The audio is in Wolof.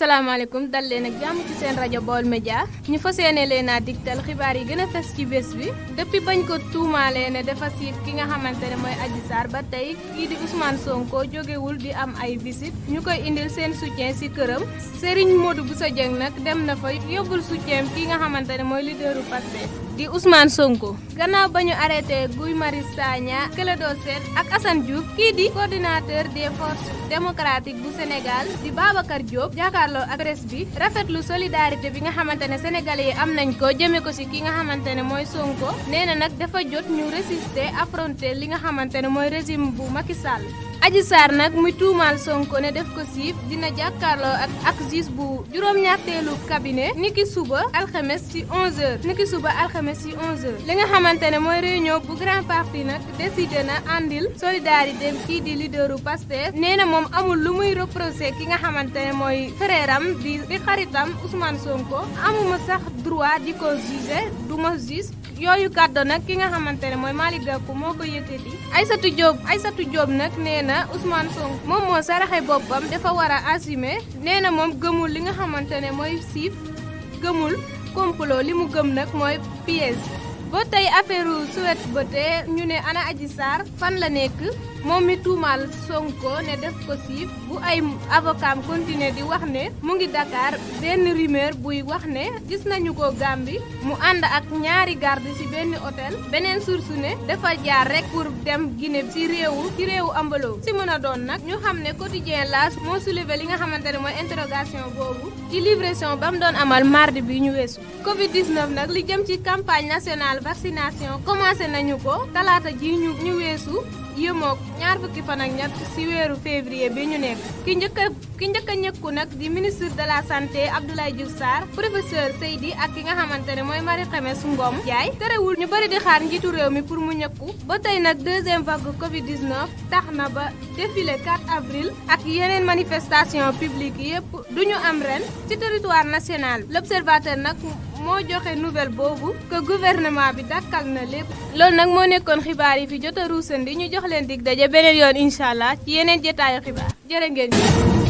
salaamaaleykum dal leen ak jàmm ci seen rajo Baol Média ñu fa yéene leen a digtal xibaar yi gën a fes ci bés bi depuis bañ ko tuumaalee ne dafa siif ki nga xamante ne mooy Adji Sarr ba tey kii di Ousmane Sonko jógewul di am ay visite ñu koy indil seen soutien si këram Serigne Modou sa Dieng nag dem na fa yóbbul soutien ki nga xamante ne mooy leaderu Pastef di Ousmane Sonko. gannaaw ba ñu arrêté Guy Marius Sagna Clédor ak asan Diouf kii di coordinateur des forces démocratiques bu Sénégal di Babacar Diop jàkkaarloo ak presse bi rafetlu solidarité bi nga xamante ne sénégalais yi am nañ ko jëmee ko ci ki nga xamante ne mooy Sonko nee na nag dafa jot ñu résister affronter li nga xamante ne mooy résim bu Macky Sall. Adji Sarr nag muy tuumaal Sonko ne def ko siif dina jàkkaarloo ak ak juge bu juróom-ñatteelu cabinet niki suba alxames ci 11 suba alxames ci 11 li nga xamante ne mooy réunion bu grand parti nag décidé na àndil solidarité kii di leaderu Pastef nee na moom amul lu muy reproché ki nga xamante ne mooy frère am di di xaritam Ousmane Sonko amuma sax droit di ko juger du ma yooyu kàddu nag ki nga xamante ne mooy Malick Gakou moo ko ay satu Aïssatou ay satu Diop nag nee na Ousmane Sonko moom moo saraxe boppam dafa war a assumer nee na moom gëmul li nga xamante ne mooy siif gëmul complot li mu gëm nag mooy piège ba tey affaire Sweet Beauté ñu ne ana aji Sarr fan la nekk moom mi tuumaal Sonko ne def ko siif bu ay avocat am continuer di wax ne mu ngi Dakar benn rumeur buy wax ne gis nañu ko Gàmbi mu ànd ak ñaari garde ci benn hôtel beneen sur su ne dafa jaar rek pour dem Guinée ci réewu ci réewu ambaloo si mën a doon nag ñu xam ne quotidien laas moo soulevé li nga xamante ne mooy interrogation boobu ci livraison ba mu doon amal mardi bi ñu weesu Covid 19 nag li jëm ci campagne vaccination commencé nañu ko talaata ji ñu ñu weesu yëmook ñaar fukki fan ak ñett ci weeru février bi ñu nekk. ki njëkk a njëkk a ñëkku nag di ministre de la santé Abdoulaye Diouf Sarr professeur Seydi ak ki nga xamante ne mooy Marie Khemesse Ngom Ndiaye terewul ñu bëri di xaar njiitu réew mi pour mu ñëkku ba tey nag deuxième vague Covid 19 tax na ba défilé 4 avril ak yeneen manifestation publique yépp du ñu am ren ci territoire national l'observateur nag. moo joxe nouvelle boobu que gouvernement bi dakkal na lépp. loolu nag moo nekkoon xibaar yi fi jot a di ñu jox leen dig daje beneen yoon incha allah ci yeneen jotaayu xibaar jërë ngeen jëf.